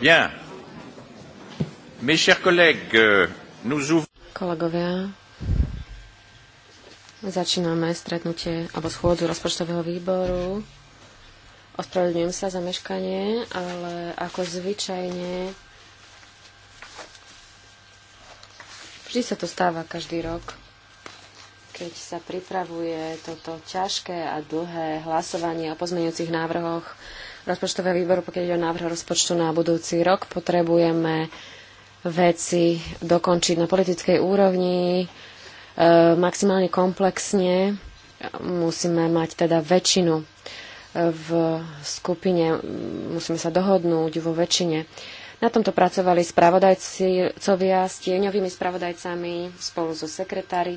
Bien. Mes chers collègues, euh, nous ouvrons... Kolegovia, začíname stretnutie alebo schôdzu rozpočtového výboru. Ospravedlňujem sa za meškanie, ale ako zvyčajne vždy sa to stáva každý rok keď sa pripravuje toto ťažké a dlhé hlasovanie o pozmeňujúcich návrhoch rozpočtového výboru, pokiaľ ide o návrh rozpočtu na budúci rok. Potrebujeme veci dokončiť na politickej úrovni, e, maximálne komplexne. Musíme mať teda väčšinu e, v skupine, musíme sa dohodnúť vo väčšine. Na tomto pracovali spravodajcovia s tieňovými spravodajcami spolu so sekretári,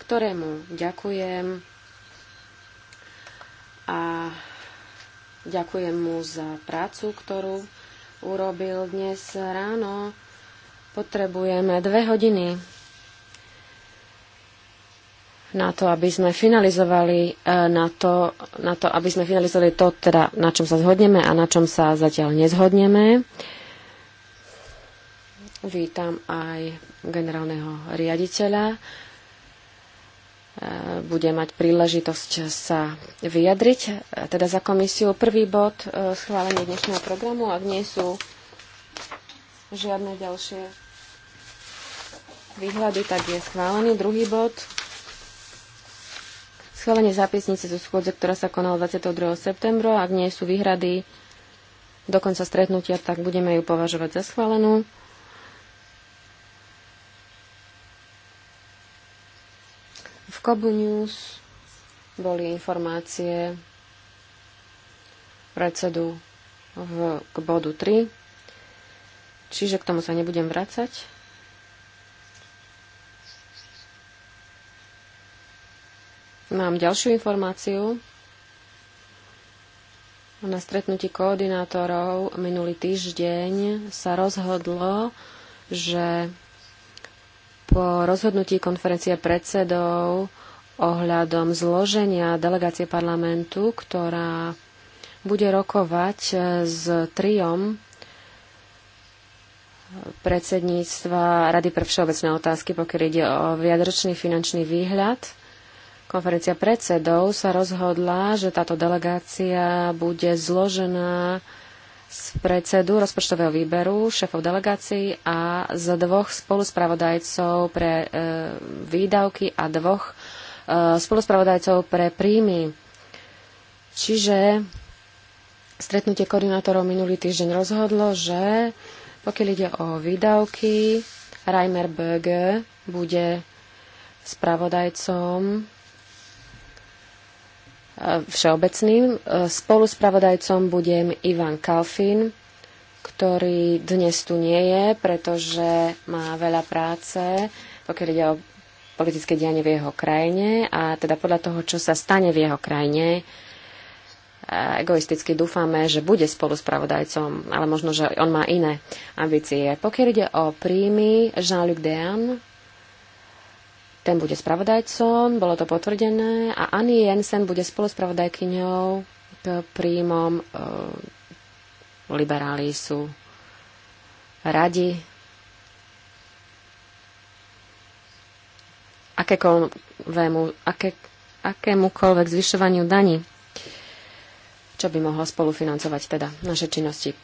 ktorému ďakujem. A Ďakujem mu za prácu, ktorú urobil dnes ráno. Potrebujeme dve hodiny na to, aby sme finalizovali e, na to, na to, aby sme finalizovali to, teda, na čom sa zhodneme a na čom sa zatiaľ nezhodneme. Vítam aj generálneho riaditeľa E, bude mať príležitosť sa vyjadriť, e, teda za komisiu. Prvý bod e, schválenie dnešného programu, ak nie sú žiadne ďalšie výhľady, tak je schválený. Druhý bod schválenie zápisnice zo schôdze, ktorá sa konala 22. septembra. Ak nie sú výhrady do konca stretnutia, tak budeme ju považovať za schválenú. Kobu News boli informácie predsedu v, k bodu 3, čiže k tomu sa nebudem vracať. Mám ďalšiu informáciu. Na stretnutí koordinátorov minulý týždeň sa rozhodlo, že po rozhodnutí konferencie predsedov ohľadom zloženia delegácie parlamentu, ktorá bude rokovať e, s triom predsedníctva Rady pre všeobecné otázky, pokiaľ ide o viadročný finančný výhľad. Konferencia predsedov sa rozhodla, že táto delegácia bude zložená z predsedu rozpočtového výberu, šéfov delegácií a z dvoch spoluspravodajcov pre e, výdavky a dvoch e, spoluspravodajcov pre príjmy. Čiže stretnutie koordinátorov minulý týždeň rozhodlo, že pokiaľ ide o výdavky, Reimer Böge bude spravodajcom všeobecným. E, spoluspravodajcom budem Ivan Kalfin, ktorý dnes tu nie je, pretože má veľa práce, pokiaľ ide o politické dianie v jeho krajine a teda podľa toho, čo sa stane v jeho krajine, e, egoisticky dúfame, že bude spoluspravodajcom, ale možno, že on má iné ambície. Pokiaľ ide o príjmy, Jean-Luc Dean ten bude spravodajcom, bolo to potvrdené a Annie Jensen bude spoluspravodajkyňou k príjmom e, liberáli sú radi akékoľvému, aké, akémukoľvek zvyšovaniu daní, čo by mohlo spolufinancovať teda naše činnosti.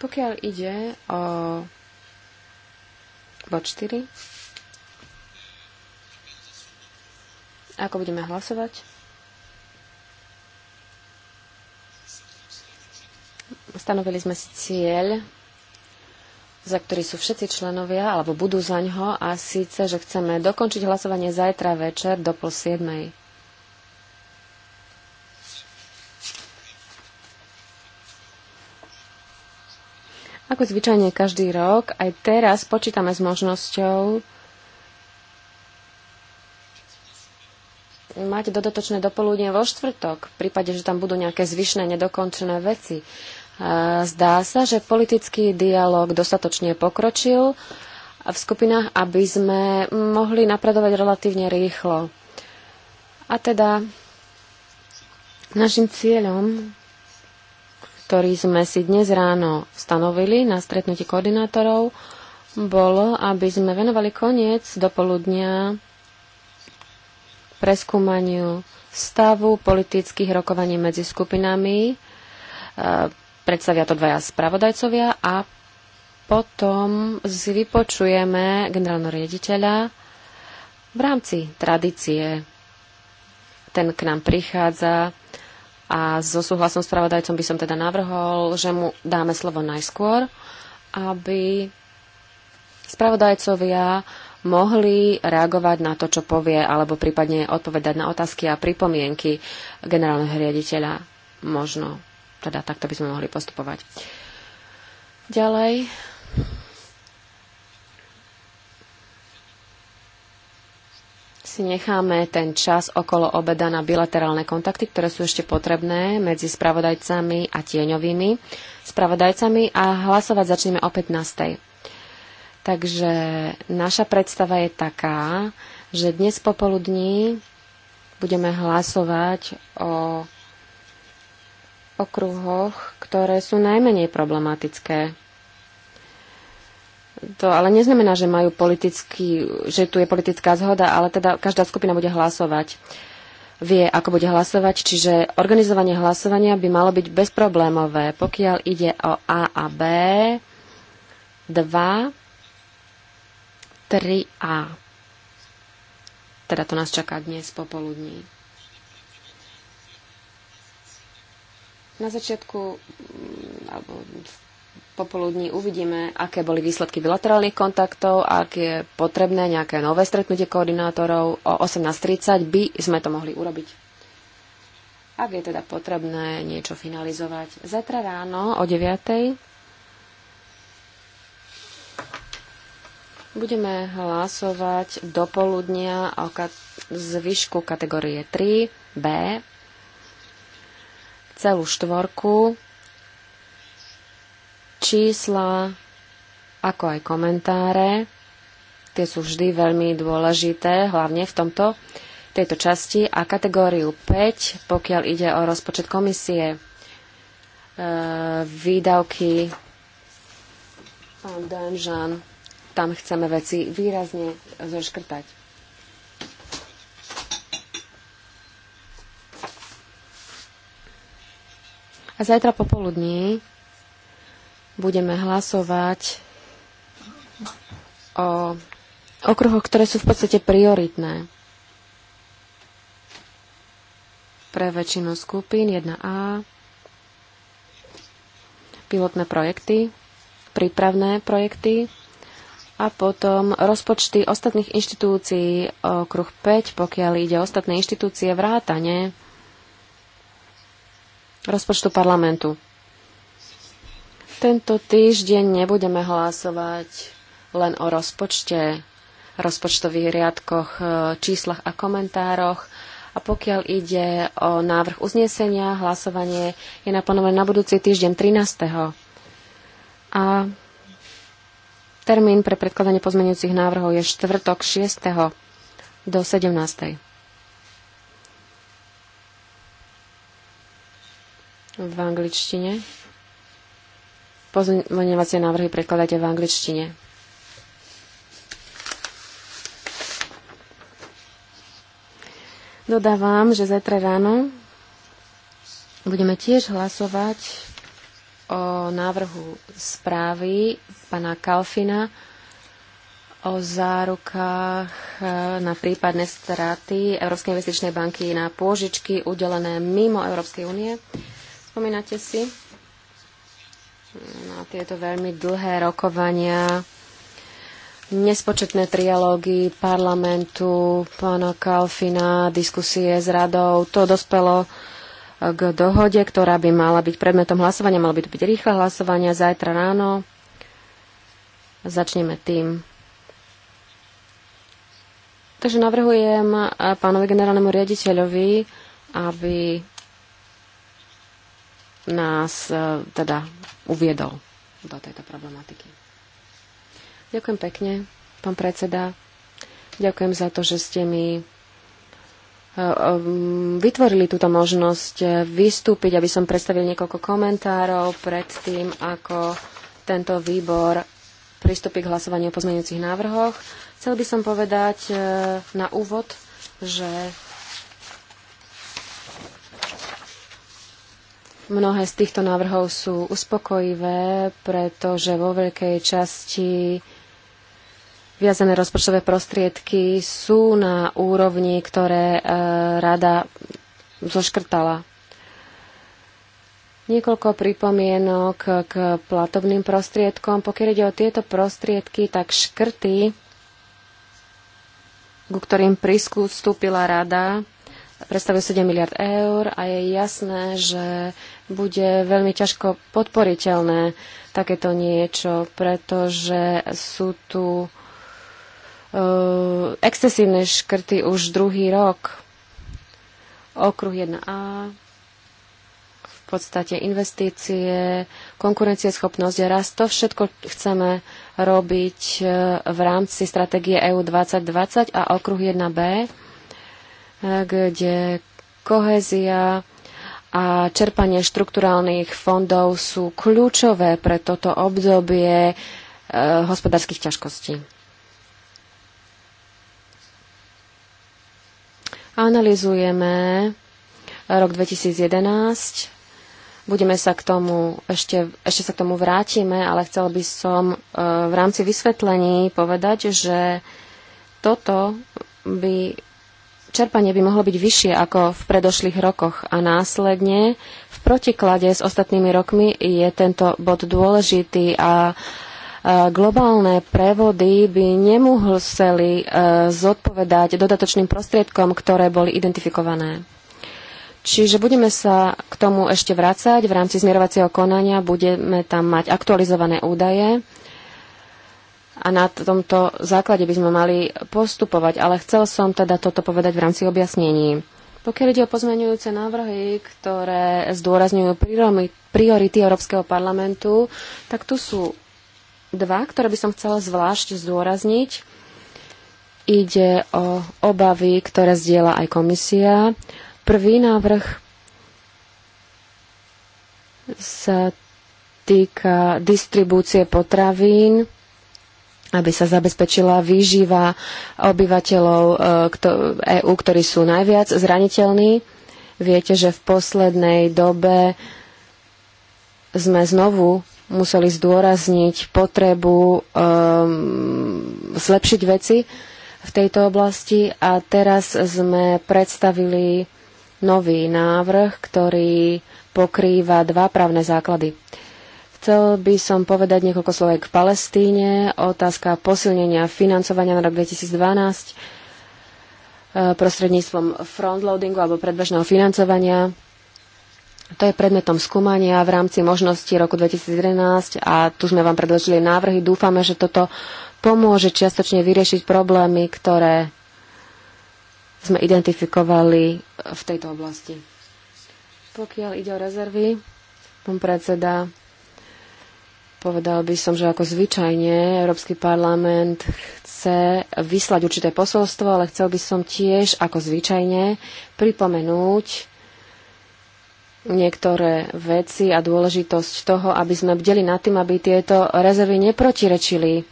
Pokiaľ ide o bod 4, ako budeme hlasovať, stanovili sme si cieľ, za ktorý sú všetci členovia, alebo budú za a síce, že chceme dokončiť hlasovanie zajtra večer do pol siedmej. Ako zvyčajne každý rok, aj teraz počítame s možnosťou mať dodatočné dopoludne vo štvrtok, v prípade, že tam budú nejaké zvyšné nedokončené veci. E, zdá sa, že politický dialog dostatočne pokročil v skupinách, aby sme mohli napredovať relatívne rýchlo. A teda našim cieľom ktorý sme si dnes ráno stanovili na stretnutí koordinátorov, bolo, aby sme venovali koniec dopoludnia preskúmaniu stavu politických rokovaní medzi skupinami. E, predstavia to dvaja spravodajcovia a potom vypočujeme generálneho riaditeľa v rámci tradície. Ten k nám prichádza a so súhlasom spravodajcom by som teda navrhol, že mu dáme slovo najskôr, aby spravodajcovia mohli reagovať na to, čo povie, alebo prípadne odpovedať na otázky a pripomienky generálneho riaditeľa. Možno teda takto by sme mohli postupovať. Ďalej. si necháme ten čas okolo obeda na bilaterálne kontakty, ktoré sú ešte potrebné medzi spravodajcami a tieňovými spravodajcami a hlasovať začneme o 15. Takže naša predstava je taká, že dnes popoludní budeme hlasovať o okruhoch, ktoré sú najmenej problematické to ale neznamená, že majú politický, že tu je politická zhoda, ale teda každá skupina bude hlasovať. Vie, ako bude hlasovať, čiže organizovanie hlasovania by malo byť bezproblémové. Pokiaľ ide o A a B, 2, 3A. Teda to nás čaká dnes popoludní. Na začiatku, alebo v popoludní uvidíme, aké boli výsledky bilaterálnych kontaktov, ak je potrebné nejaké nové stretnutie koordinátorov o 18.30 by sme to mohli urobiť. Ak je teda potrebné niečo finalizovať. Zatra ráno o 9.00 budeme hlasovať do poludnia o kat- zvyšku kategórie 3b celú štvorku Čísla, ako aj komentáre, tie sú vždy veľmi dôležité, hlavne v tomto, tejto časti. A kategóriu 5, pokiaľ ide o rozpočet komisie, e, výdavky, pán Danžan, tam chceme veci výrazne zoškrtať. A zajtra popoludní budeme hlasovať o okruhoch, ktoré sú v podstate prioritné pre väčšinu skupín 1A, pilotné projekty, prípravné projekty a potom rozpočty ostatných inštitúcií okruh 5, pokiaľ ide o ostatné inštitúcie vrátane rozpočtu parlamentu. Tento týždeň nebudeme hlasovať len o rozpočte, rozpočtových riadkoch, e, číslach a komentároch. A pokiaľ ide o návrh uznesenia, hlasovanie je naplánované na budúci týždeň 13. A termín pre predkladanie pozmeňujúcich návrhov je štvrtok 6. do 17. v angličtine. Pozmeňovacie návrhy prekladáte v angličtine. Dodávam, že zajtra ráno budeme tiež hlasovať o návrhu správy pana Kalfina o zárukách eh, na prípadné straty Európskej investičnej banky na pôžičky udelené mimo Európskej únie. Spomínate si? na tieto veľmi dlhé rokovania, nespočetné trialógy parlamentu, pána Kalfina, diskusie s radou. To dospelo e, k dohode, ktorá by mala byť predmetom hlasovania. Malo by to byť rýchle hlasovanie zajtra ráno. Začneme tým. Takže navrhujem pánovi generálnemu riaditeľovi, aby nás e, teda uviedol do tejto problematiky. Ďakujem pekne, pán predseda. Ďakujem za to, že ste mi e, e, vytvorili túto možnosť vystúpiť, aby som predstavil niekoľko komentárov pred tým, ako tento výbor pristúpi k hlasovaniu o pozmeňujúcich návrhoch. Chcel by som povedať na úvod, že Mnohé z týchto návrhov sú uspokojivé, pretože vo veľkej časti viazané rozpočtové prostriedky sú na úrovni, ktoré e, rada zoškrtala. Niekoľko pripomienok k platobným prostriedkom. Pokiaľ ide o tieto prostriedky, tak škrty, ku ktorým priskústúpila rada, predstavujú 7 miliard eur a je jasné, že bude veľmi ťažko podporiteľné takéto niečo, pretože sú tu e, excesívne škrty už druhý rok. Okruh 1A, v podstate investície, konkurencieschopnosť, rast, to všetko chceme robiť e, v rámci stratégie EU 2020 a okruh 1B, e, kde kohezia a čerpanie štrukturálnych fondov sú kľúčové pre toto obdobie e, hospodárskych ťažkostí. Analizujeme rok 2011. Budeme sa k tomu, ešte, ešte sa k tomu vrátime, ale chcel by som e, v rámci vysvetlení povedať, že toto by čerpanie by mohlo byť vyššie ako v predošlých rokoch a následne v protiklade s ostatnými rokmi je tento bod dôležitý a globálne prevody by nemuseli e, zodpovedať dodatočným prostriedkom, ktoré boli identifikované. Čiže budeme sa k tomu ešte vrácať v rámci zmierovacieho konania, budeme tam mať aktualizované údaje a na tomto základe by sme mali postupovať, ale chcel som teda toto povedať v rámci objasnení. Pokiaľ ide o pozmeňujúce návrhy, ktoré zdôrazňujú priority Európskeho parlamentu, tak tu sú dva, ktoré by som chcela zvlášť zdôrazniť. Ide o obavy, ktoré zdieľa aj komisia. Prvý návrh sa týka distribúcie potravín aby sa zabezpečila výživa obyvateľov EÚ, e ktorí sú najviac zraniteľní. Viete, že v poslednej dobe sme znovu museli zdôrazniť potrebu um, zlepšiť veci v tejto oblasti a teraz sme predstavili nový návrh, ktorý pokrýva dva právne základy. Uh, Chcel by som povedať niekoľko slov k Palestíne. Otázka posilnenia financovania na rok 2012 e, prostredníctvom frontloadingu alebo predbežného financovania. To je predmetom skúmania v rámci možnosti roku 2011 a tu sme vám predložili návrhy. Dúfame, že toto pomôže čiastočne vyriešiť problémy, ktoré sme identifikovali v tejto oblasti. Pokiaľ ide o rezervy, pán predseda, Povedal by som, že ako zvyčajne Európsky parlament chce vyslať určité posolstvo, ale chcel by som tiež ako zvyčajne pripomenúť niektoré veci a dôležitosť toho, aby sme bdeli nad tým, aby tieto rezervy neprotirečili e,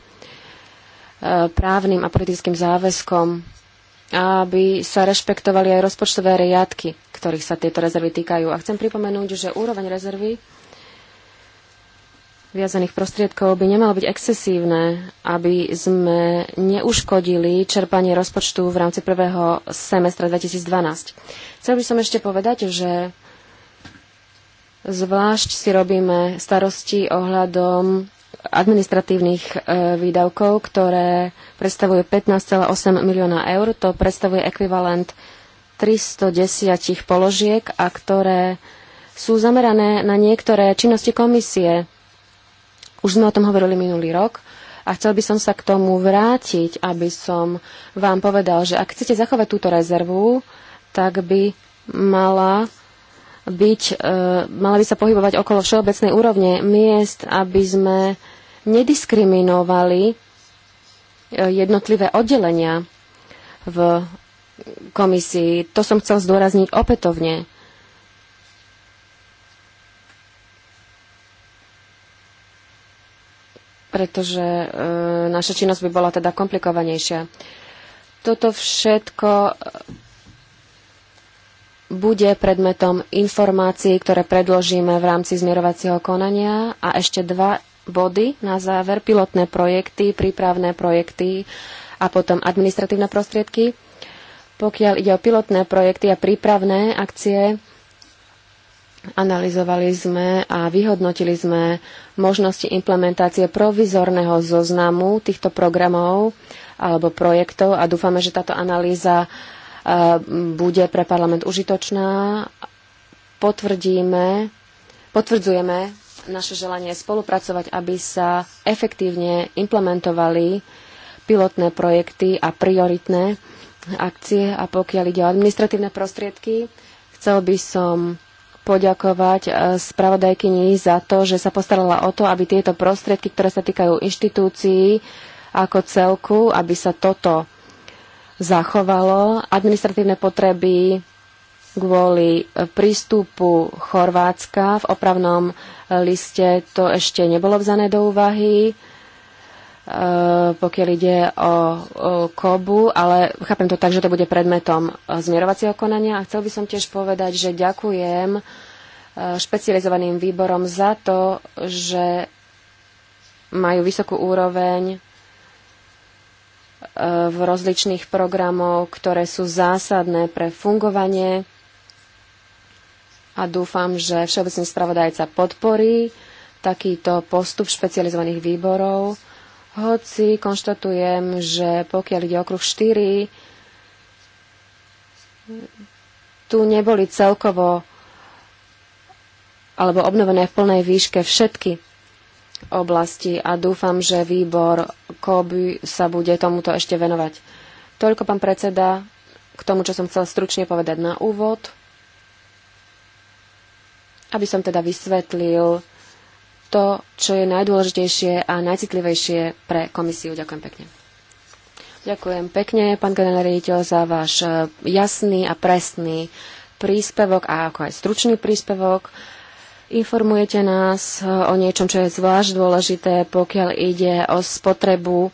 právnym a politickým záväzkom, aby sa rešpektovali aj rozpočtové riadky, ktorých sa tieto rezervy týkajú. A chcem pripomenúť, že úroveň rezervy viazaných prostriedkov by nemalo byť excesívne, aby sme neuškodili čerpanie rozpočtu v rámci prvého semestra 2012. Chcel by som ešte povedať, že zvlášť si robíme starosti ohľadom administratívnych e, výdavkov, ktoré predstavuje 15,8 milióna eur. To predstavuje ekvivalent 310 položiek a ktoré sú zamerané na niektoré činnosti komisie už sme o tom hovorili minulý rok a chcel by som sa k tomu vrátiť, aby som vám povedal, že ak chcete zachovať túto rezervu, tak by mala byť, e, mala by sa pohybovať okolo všeobecnej úrovne miest, aby sme nediskriminovali e, jednotlivé oddelenia v komisii. To som chcel zdôrazniť opätovne. pretože e, naša činnosť by bola teda komplikovanejšia. Toto všetko e, bude predmetom informácií, ktoré predložíme v rámci zmierovacieho konania a ešte dva body na záver, pilotné projekty, prípravné projekty a potom administratívne prostriedky. Pokiaľ ide o pilotné projekty a prípravné akcie, Analizovali sme a vyhodnotili sme možnosti implementácie provizorného zoznamu týchto programov alebo projektov a dúfame, že táto analýza e, bude pre parlament užitočná. Potvrdíme, potvrdzujeme naše želanie spolupracovať, aby sa efektívne implementovali pilotné projekty a prioritné akcie. A pokiaľ ide o administratívne prostriedky, chcel by som poďakovať eh, spravodajkyni za to, že sa postarala o to, aby tieto prostriedky, ktoré sa týkajú inštitúcií ako celku, aby sa toto zachovalo. Administratívne potreby kvôli eh, prístupu Chorvátska v opravnom eh, liste to ešte nebolo vzané do úvahy Eh, pokiaľ ide o, kobu, ale chápem to tak, že to bude predmetom eh, zmierovacieho konania. A chcel by som tiež povedať, že ďakujem eh, špecializovaným výborom za to, že majú vysokú úroveň v rozličných programov, ktoré sú zásadné pre fungovanie a dúfam, že všeobecný spravodajca podporí takýto postup špecializovaných výborov hoci konštatujem, že pokiaľ ide okruh 4, tu neboli celkovo alebo obnovené v plnej výške všetky oblasti a dúfam, že výbor KOBY sa bude tomuto ešte venovať. Toľko, pán predseda, k tomu, čo som chcel stručne povedať na úvod, aby som teda vysvetlil to, čo je najdôležitejšie a najcitlivejšie pre komisiu. Ďakujem pekne. Ďakujem pekne, pán generálny riaditeľ, za váš e, jasný a presný príspevok a ako aj stručný príspevok. Informujete nás e, o niečom, čo je zvlášť dôležité, pokiaľ ide o spotrebu e,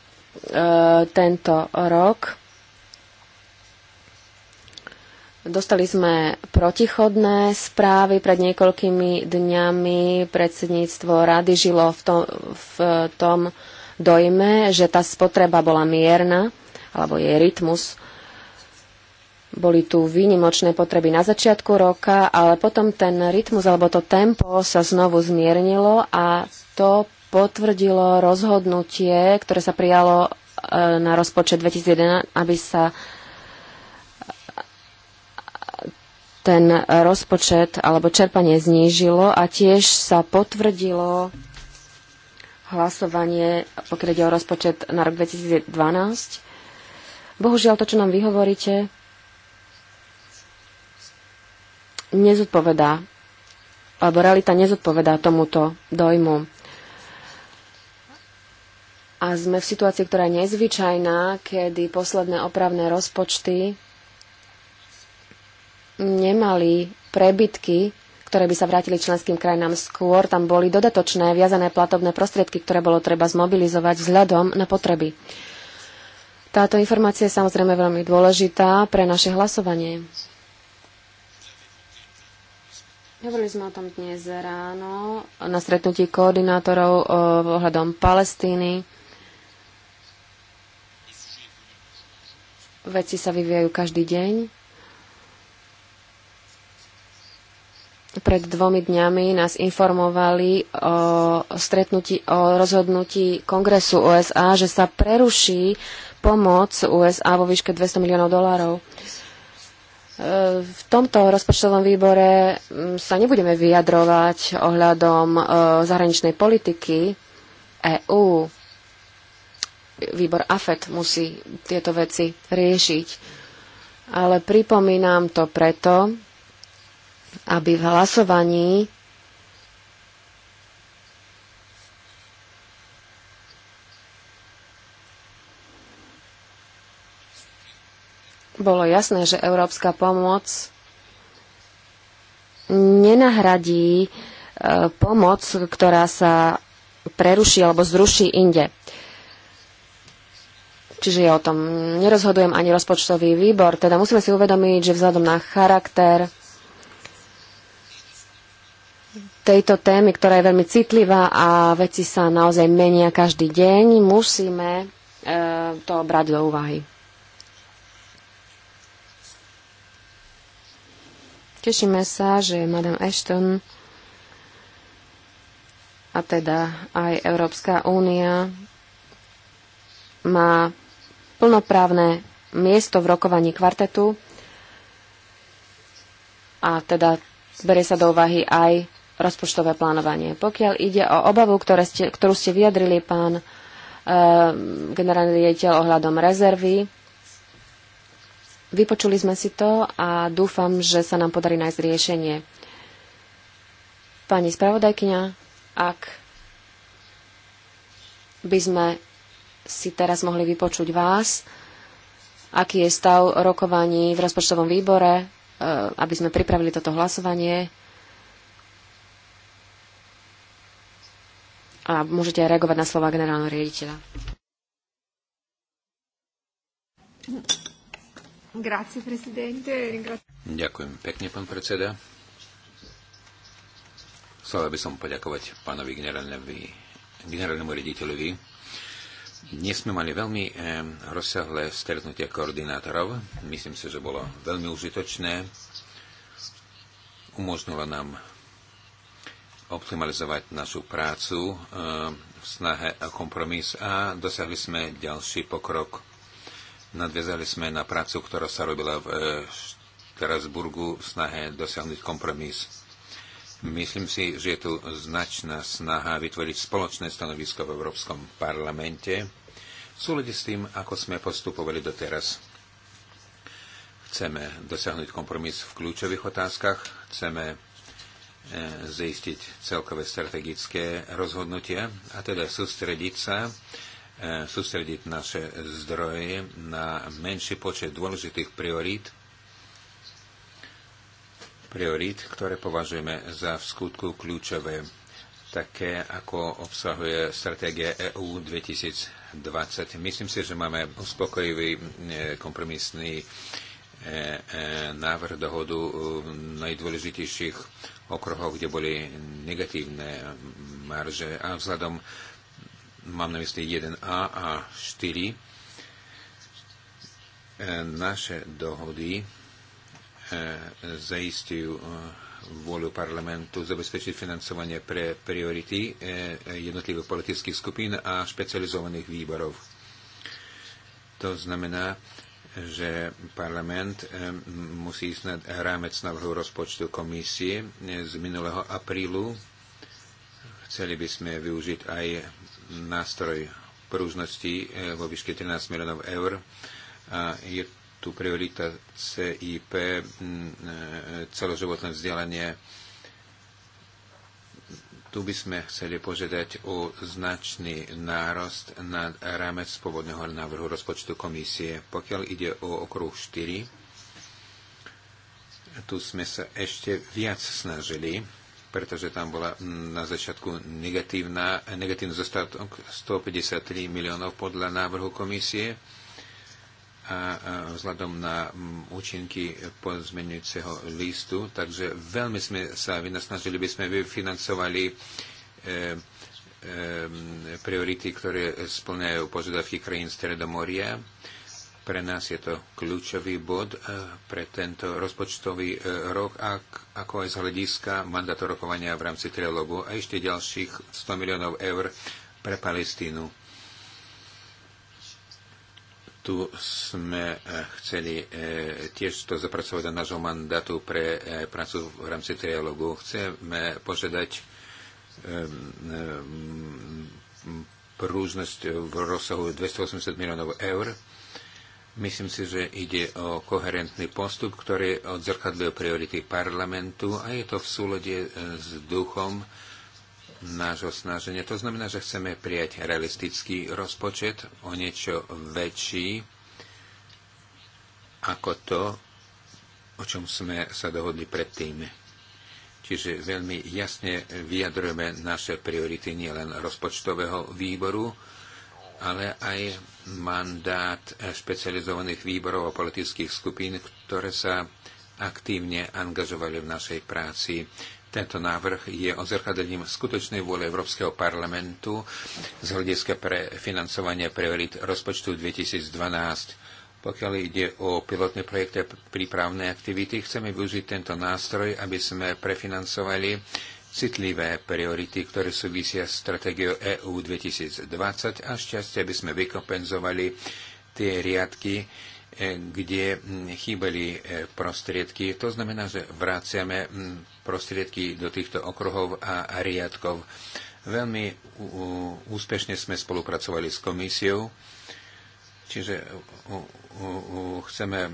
tento rok. Dostali sme protichodné správy pred niekoľkými dňami. Predsedníctvo rady žilo v tom, v tom dojme, že tá spotreba bola mierna, alebo jej rytmus. Boli tu výnimočné potreby na začiatku roka, ale potom ten rytmus alebo to tempo sa znovu zmiernilo a to potvrdilo rozhodnutie, ktoré sa prijalo e, na rozpočet 2011, aby sa ten rozpočet alebo čerpanie znížilo a tiež sa potvrdilo hlasovanie, pokiaľ ide o rozpočet na rok 2012. Bohužiaľ, to, čo nám vyhovoríte, nezodpovedá, alebo realita nezodpovedá tomuto dojmu. A sme v situácii, ktorá je nezvyčajná, kedy posledné opravné rozpočty nemali prebytky, ktoré by sa vrátili členským krajinám skôr, tam boli dodatočné viazané platobné prostriedky, ktoré bolo treba zmobilizovať vzhľadom na potreby. Táto informácia je samozrejme veľmi dôležitá pre naše hlasovanie. Hovorili sme o tom dnes ráno na stretnutí koordinátorov eh, ohľadom Palestíny. Veci sa vyvíjajú každý deň. pred dvomi dňami nás informovali o, stretnutí, o rozhodnutí kongresu USA, že sa preruší pomoc USA vo výške 200 miliónov dolárov. E, v tomto rozpočtovom výbore sa nebudeme vyjadrovať ohľadom e, zahraničnej politiky EÚ. Výbor AFET musí tieto veci riešiť. Ale pripomínam to preto, aby v hlasovaní bolo jasné, že európska pomoc nenahradí e, pomoc, ktorá sa preruší alebo zruší inde. Čiže ja o tom nerozhodujem ani rozpočtový výbor. Teda musíme si uvedomiť, že vzhľadom na charakter tejto témy, ktorá je veľmi citlivá a veci sa naozaj menia každý deň, musíme e, to brať do úvahy. Tešíme sa, že Madame Ashton a teda aj Európska únia má plnoprávne miesto v rokovaní kvartetu a teda berie sa do úvahy aj rozpočtové plánovanie. Pokiaľ ide o obavu, ktoré ste, ktorú ste vyjadrili, pán e, generálny riaditeľ, ohľadom rezervy, vypočuli sme si to a dúfam, že sa nám podarí nájsť riešenie. Pani spravodajkyňa, ak by sme si teraz mohli vypočuť vás, aký je stav rokovaní v rozpočtovom výbore, e, aby sme pripravili toto hlasovanie a môžete aj reagovať na slova generálneho riaditeľa. Ďakujem pekne, pán predseda. Chcel by som poďakovať pánovi generálnemu riaditeľovi. Dnes sme mali veľmi eh, rozsiahle stretnutie koordinátorov. Myslím si, že bolo veľmi užitočné. Umožnilo nám optimalizovať našu prácu eh, v snahe a kompromis a dosiahli sme ďalší pokrok. Nadviezali sme na prácu, ktorá sa robila v Strasburgu eh, v snahe dosiahnuť kompromis. Myslím si, že je tu značná snaha vytvoriť spoločné stanovisko v Európskom parlamente v súlede s tým, ako sme postupovali doteraz. Chceme dosiahnuť kompromis v kľúčových otázkach, chceme E, zistiť celkové strategické rozhodnutia a teda sústrediť sa, e, sústrediť naše zdroje na menší počet dôležitých priorít, priorít, ktoré považujeme za v skutku kľúčové, také ako obsahuje stratégia EU 2020. Myslím si, že máme uspokojivý e, kompromisný návrh dohodu najdôležitejších okruhov, kde boli negatívne marže a vzhľadom mám na mysli 1A a 4 e, naše dohody e, zaistujú e, vôľu parlamentu zabezpečiť financovanie pre priority jednotlivých politických skupín a špecializovaných výborov. To znamená, že parlament eh, musí ísť nad rámec návrhu rozpočtu komisie eh, z minulého aprílu. Chceli by sme využiť aj nástroj prúžnosti eh, vo výške 13 miliónov eur. A je tu priorita CIP mm, celoživotné vzdelanie tu by sme chceli požiadať o značný nárost nad rámec pôvodného návrhu rozpočtu komisie. Pokiaľ ide o okruh 4, tu sme sa ešte viac snažili, pretože tam bola na začiatku negatívna, negatívny zostatok 153 miliónov podľa návrhu komisie a vzhľadom na mm, účinky pozmenujúceho listu. Takže veľmi sme sa vynasnažili, by sme vyfinancovali e, e, priority, ktoré splňajú požiadavky krajín Stredomoria. Pre nás je to kľúčový bod e, pre tento rozpočtový rok, ako aj z hľadiska mandátu rokovania v rámci trilógu a ešte ďalších 100 miliónov eur pre Palestínu tu sme e, chceli e, tiež to zapracovať do nášho mandátu pre e, prácu v rámci trialogu. Chceme požiadať prúžnosť v rozsahu 280 miliónov eur. Myslím si, že ide o koherentný postup, ktorý odzrkadľuje priority parlamentu a je to v súlade s duchom nášho snaženia. To znamená, že chceme prijať realistický rozpočet o niečo väčší ako to, o čom sme sa dohodli predtým. Čiže veľmi jasne vyjadrujeme naše priority nielen rozpočtového výboru, ale aj mandát špecializovaných výborov a politických skupín, ktoré sa aktívne angažovali v našej práci tento návrh je ozrkadením skutočnej vôle Európskeho parlamentu z hľadiska pre financovanie priorit rozpočtu 2012. Pokiaľ ide o pilotné projekty a prípravné aktivity, chceme využiť tento nástroj, aby sme prefinancovali citlivé priority, ktoré súvisia s stratégiou EU 2020 a šťastie, aby sme vykompenzovali tie riadky, E, kde chýbali e, prostriedky. To znamená, že vraciame prostriedky do týchto okruhov a riadkov. Veľmi úspešne sme spolupracovali s komisiou, čiže chceme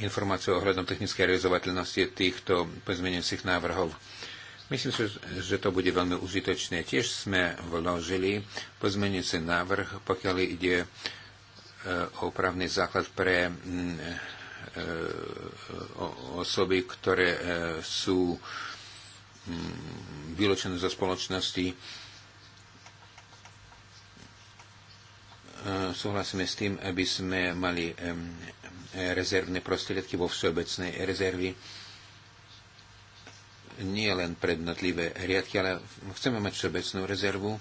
informáciu ohľadom technickej realizovateľnosti týchto pozmeniacich návrhov. Myslím si, že to bude veľmi užitočné. Tiež sme vložili pozmeniaci návrh, pokiaľ ide Eh, o právny základ pre mm, eh, eh, osoby, ktoré sú mm, vyločené zo spoločnosti. Súhlasíme s tým, aby sme mali rezervné prostriedky vo všeobecnej rezervy nie len pre jednotlivé riadky, ale chceme mať všeobecnú rezervu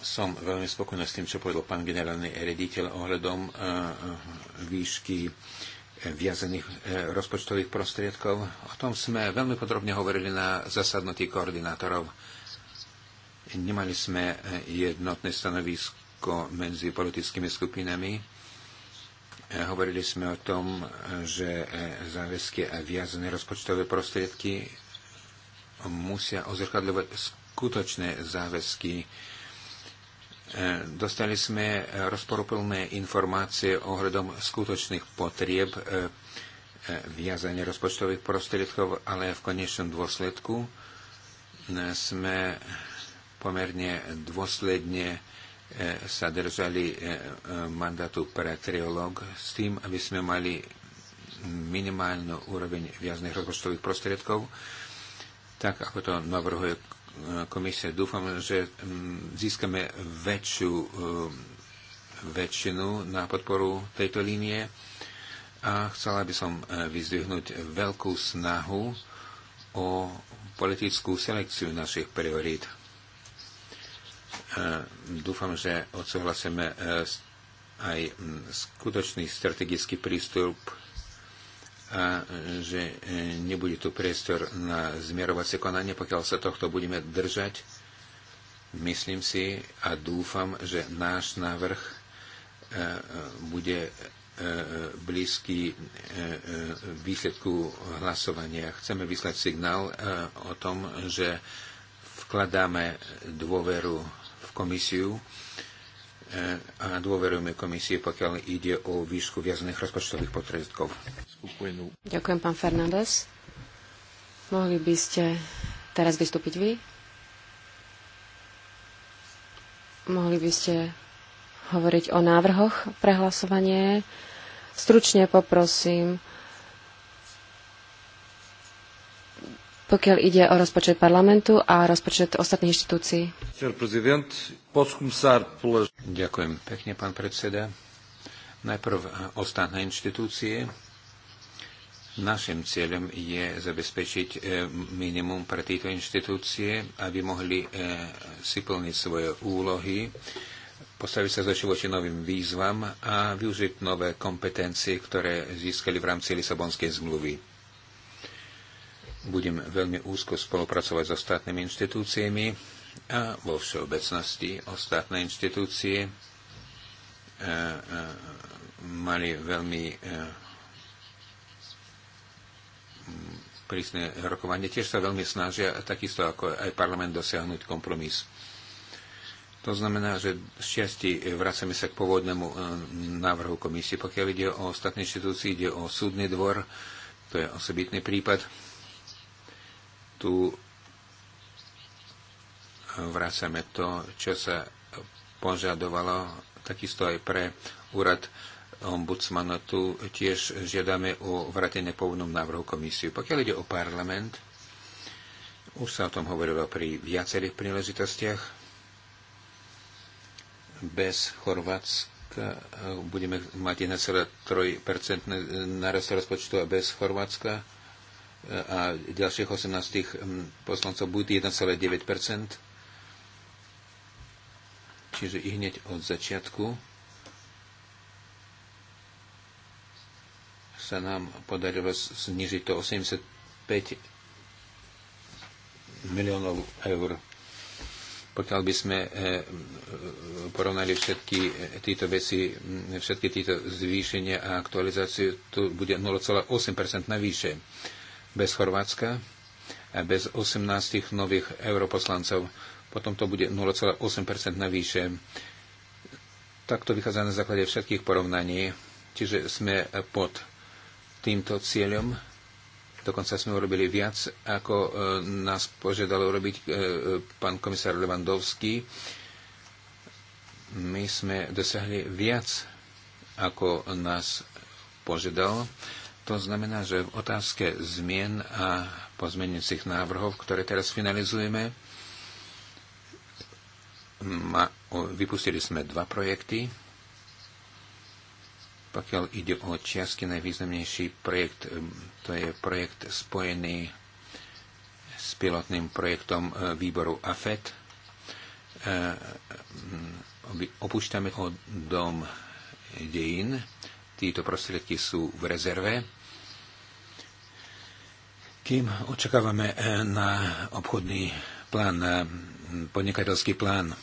som veľmi spokojný s tým, čo povedal pán generálny rediteľ ohľadom e, e, výšky e, viazených rozpočtových prostriedkov. O tom sme veľmi podrobne hovorili na zasadnutí koordinátorov. Nemali sme jednotné stanovisko medzi politickými skupinami. Hovorili sme o tom, že záväzky a viazené rozpočtové prostriedky musia ozrkadľovať skutočné záväzky E, dostali sme e, rozporuplné informácie ohľadom skutočných potrieb e, viazania rozpočtových prostriedkov, ale v konečnom dôsledku sme pomerne dôsledne sa držali mandátu pre triolog s tým, aby sme mali minimálnu úroveň viazných rozpočtových prostriedkov, tak ako to navrhuje komisie. Dúfam, že mm, získame väčšiu e, väčšinu na podporu tejto línie a chcela by som e, vyzdvihnúť veľkú snahu o politickú selekciu našich priorít. E, dúfam, že odsúhlasíme aj skutočný strategický prístup a že e, nebude tu priestor na zmierovacie konanie, pokiaľ sa tohto budeme držať. Myslím si a dúfam, že náš návrh e, bude e, blízky výsledku hlasovania. Chceme vyslať signál o tom, že vkladáme dôveru v komisiu a dôverujeme komisie, pokiaľ ide o výšku viazaných rozpočtových potrestkov. Ďakujem, pán Fernández. Mohli by ste teraz vystúpiť vy? Mohli by ste hovoriť o návrhoch pre hlasovanie? Stručne poprosím pokiaľ ide o rozpočet parlamentu a rozpočet ostatných inštitúcií. Ďakujem pekne, pán predseda. Najprv eh, ostatné inštitúcie. Našim cieľom je zabezpečiť eh, minimum pre tieto inštitúcie, aby mohli eh, si plniť svoje úlohy, postaviť sa zoči voči novým výzvam a využiť nové kompetencie, ktoré získali v rámci Lisabonskej zmluvy budem veľmi úzko spolupracovať s ostatnými inštitúciami a vo všeobecnosti ostatné inštitúcie e, e, mali veľmi e, prísne rokovanie. Tiež sa veľmi snažia, takisto ako aj parlament, dosiahnuť kompromis. To znamená, že z časti vracame sa k pôvodnému návrhu komisie. Pokiaľ ide o ostatné inštitúcie, ide o súdny dvor, to je osobitný prípad tu vracame to, čo sa požadovalo takisto aj pre úrad ombudsmana. Tu tiež žiadame o vratenie pôvodnom návrhu komisiu. Pokiaľ ide o parlament, už sa o tom hovorilo pri viacerých príležitostiach. Bez Chorvátska budeme mať 1,3% narastu rozpočtu a bez Chorvátska a ďalších 18 mm, poslancov bude 1,9 čiže i hneď od začiatku sa nám podarilo znižiť to 85 miliónov eur. Pokiaľ by sme e, e, porovnali všetky tieto veci, všetky tieto zvýšenia a aktualizáciu, to bude 0,8% navýše bez Chorvátska a bez 18 nových europoslancov. Potom to bude 0,8% navýše. Takto vychádza na základe všetkých porovnaní. Čiže sme pod týmto cieľom. Dokonca sme urobili viac, ako e, nás požiadal urobiť e, pán komisár Levandovský. My sme dosiahli viac, ako nás požiadal. To znamená, že v otázke zmien a pozmeniacich návrhov, ktoré teraz finalizujeme, ma, vypustili sme dva projekty. Pokiaľ ide o čiastky, najvýznamnejší projekt, to je projekt spojený s pilotným projektom e, výboru AFET. E, opúšťame o dom dejin, Títo prostriedky sú v rezerve. Kým očakávame eh, na obchodný plán, na podnikateľský plán,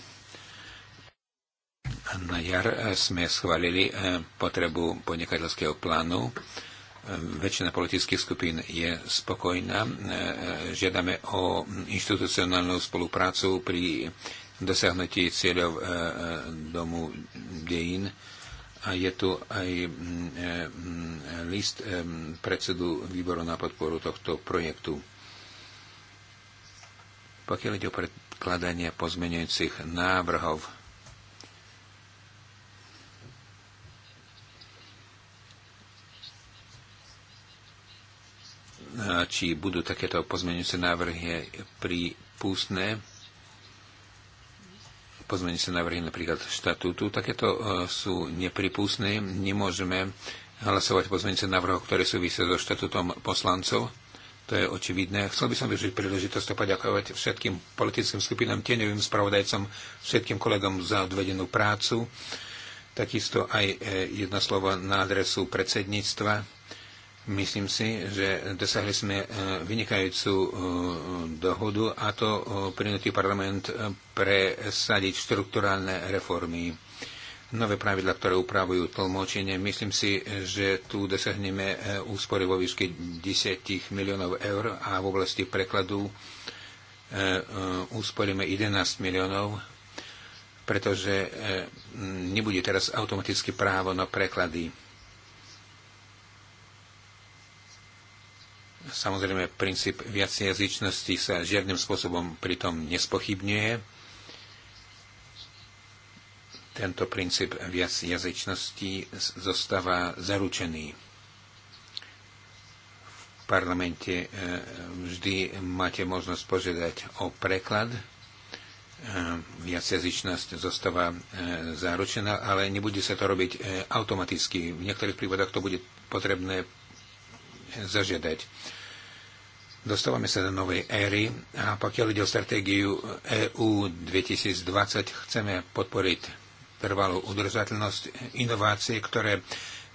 na jar eh, sme schválili eh, potrebu podnikateľského plánu. Väčšina politických skupín je spokojná. Žiadame o inštitucionálnu spoluprácu pri dosiahnutí cieľov domu dejín. A je tu aj mm, e, mm, list e, mm, predsedu výboru na podporu tohto projektu. Pokiaľ ide o predkladanie pozmeňujúcich návrhov, či budú takéto pozmenujúce návrhy prípustné, pozmeniť sa navrhy napríklad štatútu, takéto e, sú nepripustné. Nemôžeme hlasovať pozmeniť sa návrhov, ktoré súvisia so štatútom poslancov. To je očividné. Chcel by som využiť príležitosť a poďakovať všetkým politickým skupinám, tieňovým spravodajcom, všetkým kolegom za odvedenú prácu. Takisto aj e, jedno slovo na adresu predsedníctva Myslím si, že dosahli sme e, vynikajúcu e, dohodu a to e, prinutý parlament presadiť štruktúrálne reformy. Nové pravidla, ktoré upravujú tlmočenie, myslím si, že tu dosiahneme úspory vo výške 10 miliónov eur a v oblasti prekladu úsporíme 11 miliónov, pretože nebude teraz automaticky právo na preklady Samozrejme, princíp viacjazyčnosti sa žiadnym spôsobom pritom nespochybňuje. Tento princíp viacjazyčnosti zostáva zaručený. V parlamente e, vždy máte možnosť požiadať o preklad e, viacjazyčnosť zostáva e, zaručená, ale nebude sa to robiť automaticky. V niektorých prípadoch to bude potrebné zažiadať. Dostávame sa do novej éry a pokiaľ ide o stratégiu EU 2020, chceme podporiť trvalú udržateľnosť, inovácie, ktoré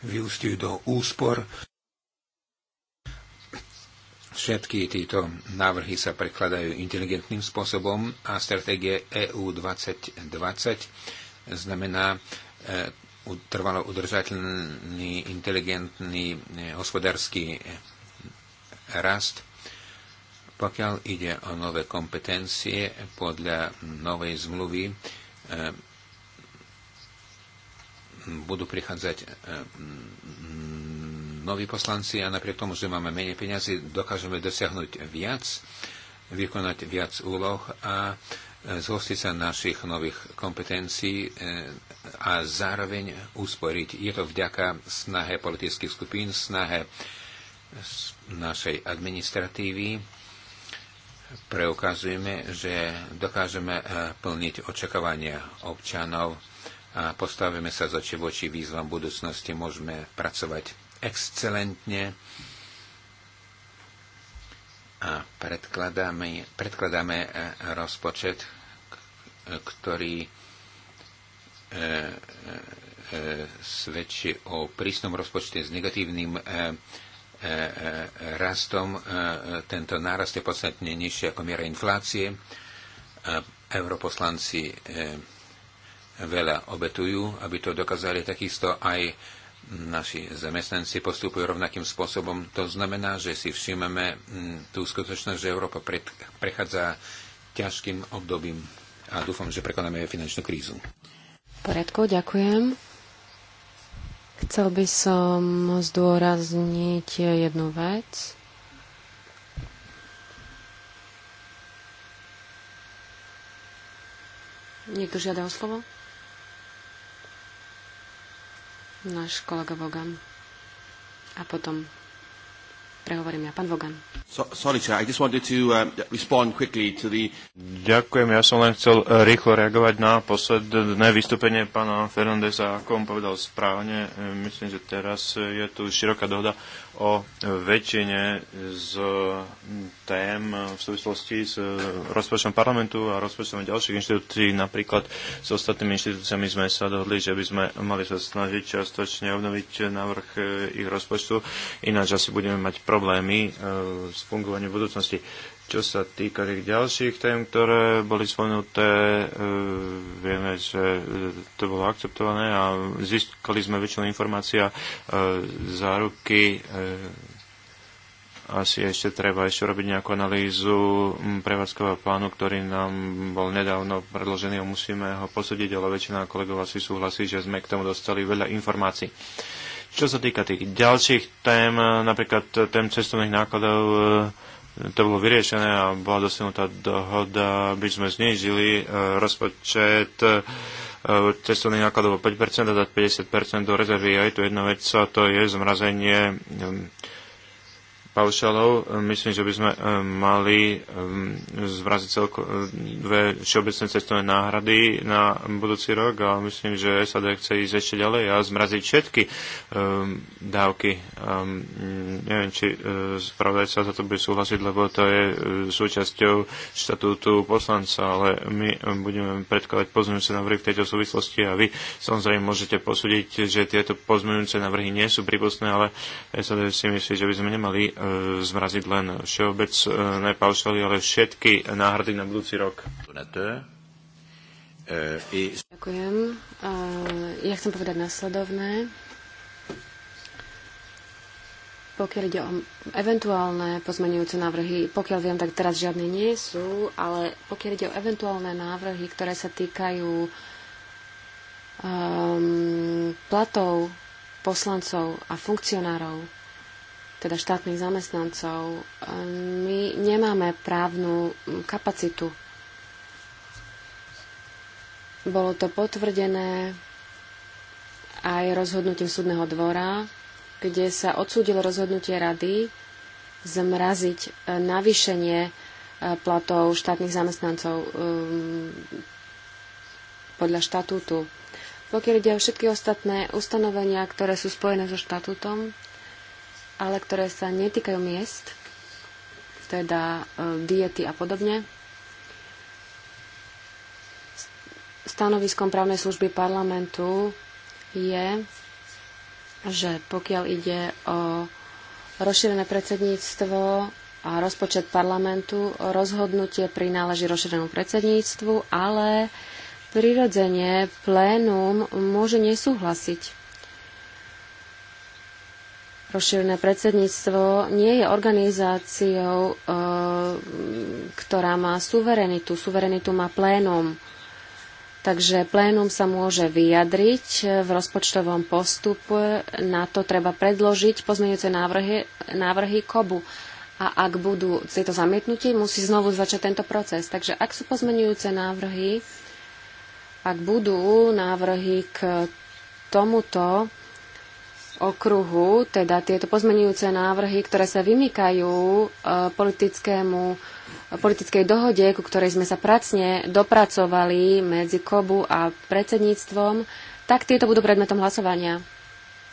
vyústiujú do úspor. Všetky tieto návrhy sa prekladajú inteligentným spôsobom a stratégie EU 2020 znamená e, trvalo udržateľný, inteligentný e, hospodársky e, rast pokiaľ ide o nové kompetencie podľa novej zmluvy, e, budú prichádzať e, noví poslanci a napriek tomu, že máme menej peniazy, dokážeme dosiahnuť viac, vykonať viac úloh a e, zhostiť sa našich nových kompetencií a zároveň usporiť. Je to vďaka snahe politických skupín, snahe našej administratívy preukazujeme, že dokážeme eh, plniť očakávania občanov a postavíme sa z oči voči výzvam budúcnosti, môžeme pracovať excelentne a predkladáme, predkladáme eh, rozpočet, ktorý eh, svedčí o prísnom rozpočte s negatívnym E, e, rastom. E, tento nárast je podstatne nižšie ako miera inflácie. Europoslanci veľa obetujú, aby to dokázali takisto aj naši zamestnanci postupujú rovnakým spôsobom. To znamená, že si všimeme tú skutočnosť, že Európa prechádza ťažkým obdobím a dúfam, že prekonáme finančnú krízu. V poriadku, ďakujem. Chcel by som zdôrazniť jednu vec. Niekto žiada o slovo? Náš kolega Bogan A potom prehovorím ja. Pán Vogan. Uh, Ďakujem, ja som len chcel e, rýchlo reagovať na posledné vystúpenie pána Fernandeza, ako on povedal správne. E, myslím, že teraz je tu široká dohoda o väčšine z e, tém v súvislosti s rozpočtom parlamentu a rozpočtom ďalších inštitúcií. Napríklad s ostatnými inštitúciami sme sa dohodli, že by sme mali sa snažiť čiastočne obnoviť návrh ich rozpočtu, ináč asi budeme mať problém problémy e, s fungovaním budúcnosti. Čo sa týka tých ďalších tém, ktoré boli spomenuté, e, vieme, že e, to bolo akceptované a získali sme väčšinu informácia záruky asi ešte treba ešte robiť nejakú analýzu prevádzkového plánu, ktorý nám bol nedávno predložený a musíme ho posúdiť, ale väčšina kolegov asi súhlasí, že sme k tomu dostali veľa informácií. Čo sa týka tých ďalších tém, e, napríklad tém cestovných nákladov, e, to bolo vyriešené a bola dosiahnutá dohoda, aby sme znížili e, rozpočet cestovných nákladov o 5% a dať 50% do rezervy. Aj tu jedna vec, a to je zmrazenie Paušalov, myslím, že by sme eh, mali eh, zvraziť celko eh, dve všeobecné cestovné náhrady na budúci rok a myslím, že SAD chce ísť ešte ďalej a zmraziť všetky dávky. Neviem, či spravodajca za to bude súhlasiť, lebo to je súčasťou štatútu poslanca, ale my budeme predkladať pozmeňujúce návrhy v tejto súvislosti a vy samozrejme môžete posúdiť, že tieto pozmeňujúce návrhy nie sú prípustné, ale SAD si myslí, že by sme nemali E, zmraziť len všeobecné e, paušály, ale všetky náhrady na budúci rok. Ďakujem. E, ja chcem povedať následovné. Pokiaľ ide o eventuálne pozmenujúce návrhy, pokiaľ viem, tak teraz žiadne nie sú, ale pokiaľ ide o eventuálne návrhy, ktoré sa týkajú um, platov poslancov a funkcionárov, teda štátnych zamestnancov, my nemáme právnu kapacitu. Bolo to potvrdené aj rozhodnutím súdneho dvora, kde sa odsúdilo rozhodnutie rady zmraziť e, navýšenie e, platov štátnych zamestnancov e, podľa štatútu. Pokiaľ ide o všetky ostatné ustanovenia, ktoré sú spojené so štatútom, ale ktoré sa netýkajú miest, teda e, diety a podobne. Stanoviskom právnej služby parlamentu je, že pokiaľ ide o rozšírené predsedníctvo a rozpočet parlamentu, rozhodnutie prináleží rozšírenému predsedníctvu, ale prirodzene plénum môže nesúhlasiť Rozšírené predsedníctvo nie je organizáciou, e, ktorá má suverenitu. Suverenitu má plénum. Takže plénum sa môže vyjadriť v rozpočtovom postupu. Na to treba predložiť pozmeňujúce návrhy, návrhy KOBu. A ak budú tieto zamietnutie, musí znovu začať tento proces. Takže ak sú pozmeňujúce návrhy, ak budú návrhy k tomuto okruhu, teda tieto pozmenujúce návrhy, ktoré sa vymykajú e, politickému, e, politickej dohode, ku ktorej sme sa pracne dopracovali medzi KOBu a predsedníctvom, tak tieto budú predmetom hlasovania.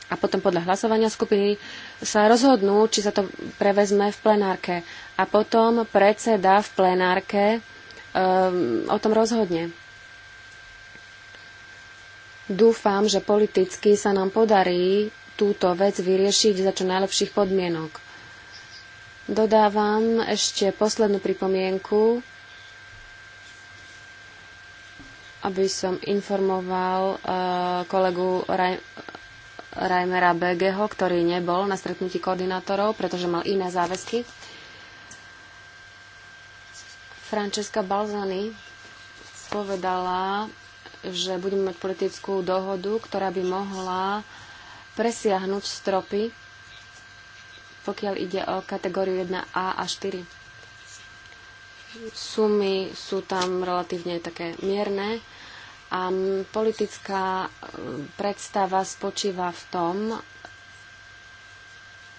A potom podľa hlasovania skupiny sa rozhodnú, či sa to prevezme v plenárke. A potom predseda v plenárke um, o tom rozhodne. Dúfam, že politicky sa nám podarí túto vec vyriešiť za čo najlepších podmienok. Dodávam ešte poslednú pripomienku, aby som informoval uh, kolegu Raj- Reimera Begeho, ktorý nebol na stretnutí koordinátorov, pretože mal iné záväzky. Francesca Balzani povedala, že budeme mať politickú dohodu, ktorá by mohla presiahnuť stropy, pokiaľ ide o kategóriu 1A a 4. Sumy sú tam relatívne také mierne a politická e, predstava spočíva v tom,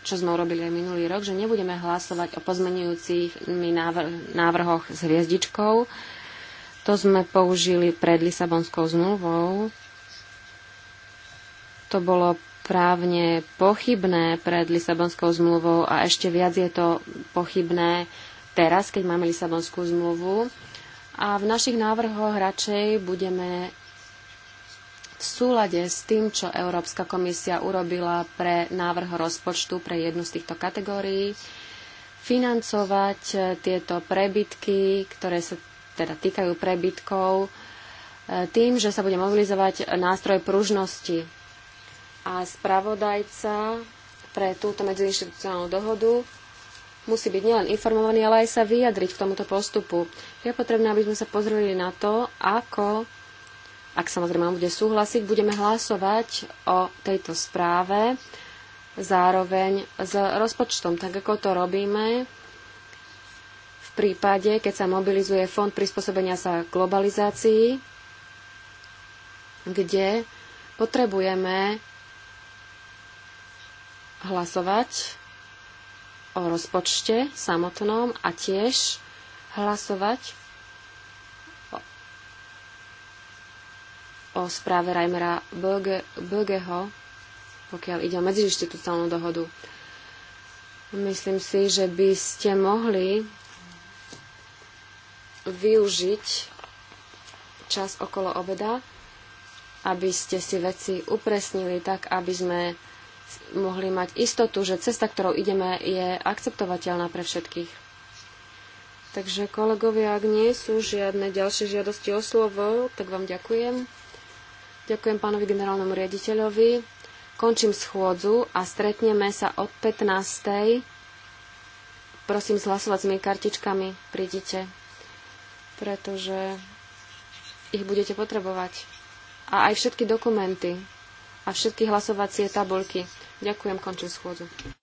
čo sme urobili aj minulý rok, že nebudeme hlasovať o pozmenujúcich návrhoch s hviezdičkou. To sme použili pred Lisabonskou zmluvou. To bolo právne pochybné pred Lisabonskou zmluvou a ešte viac je to pochybné teraz, keď máme Lisabonskú zmluvu. A v našich návrhoch radšej budeme v súlade s tým, čo Európska komisia urobila pre návrh rozpočtu pre jednu z týchto kategórií, financovať tieto prebytky, ktoré sa teda týkajú prebytkov, e, tým, že sa bude mobilizovať nástroj pružnosti a spravodajca pre túto medziinstitucionálnu dohodu musí byť nielen informovaný, ale aj sa vyjadriť k tomuto postupu. Je potrebné, aby sme sa pozreli na to, ako, ak samozrejme bude súhlasiť, budeme hlasovať o tejto správe zároveň s rozpočtom, tak ako to robíme v prípade, keď sa mobilizuje Fond prispôsobenia sa globalizácii, kde potrebujeme hlasovať o rozpočte samotnom a tiež hlasovať o správe Reimera Bögeho, pokiaľ ide o medziinstitucionálnu dohodu. Myslím si, že by ste mohli využiť čas okolo obeda, aby ste si veci upresnili tak, aby sme mohli mať istotu, že cesta, ktorou ideme, je akceptovateľná pre všetkých. Takže kolegovia, ak nie sú žiadne ďalšie žiadosti o slovo, tak vám ďakujem. Ďakujem pánovi generálnemu riaditeľovi. Končím schôdzu a stretneme sa od 15. Prosím s hlasovacími kartičkami prídite, pretože ich budete potrebovať. A aj všetky dokumenty a všetky hlasovacie tabulky. Ďakujem, končím schôdzu.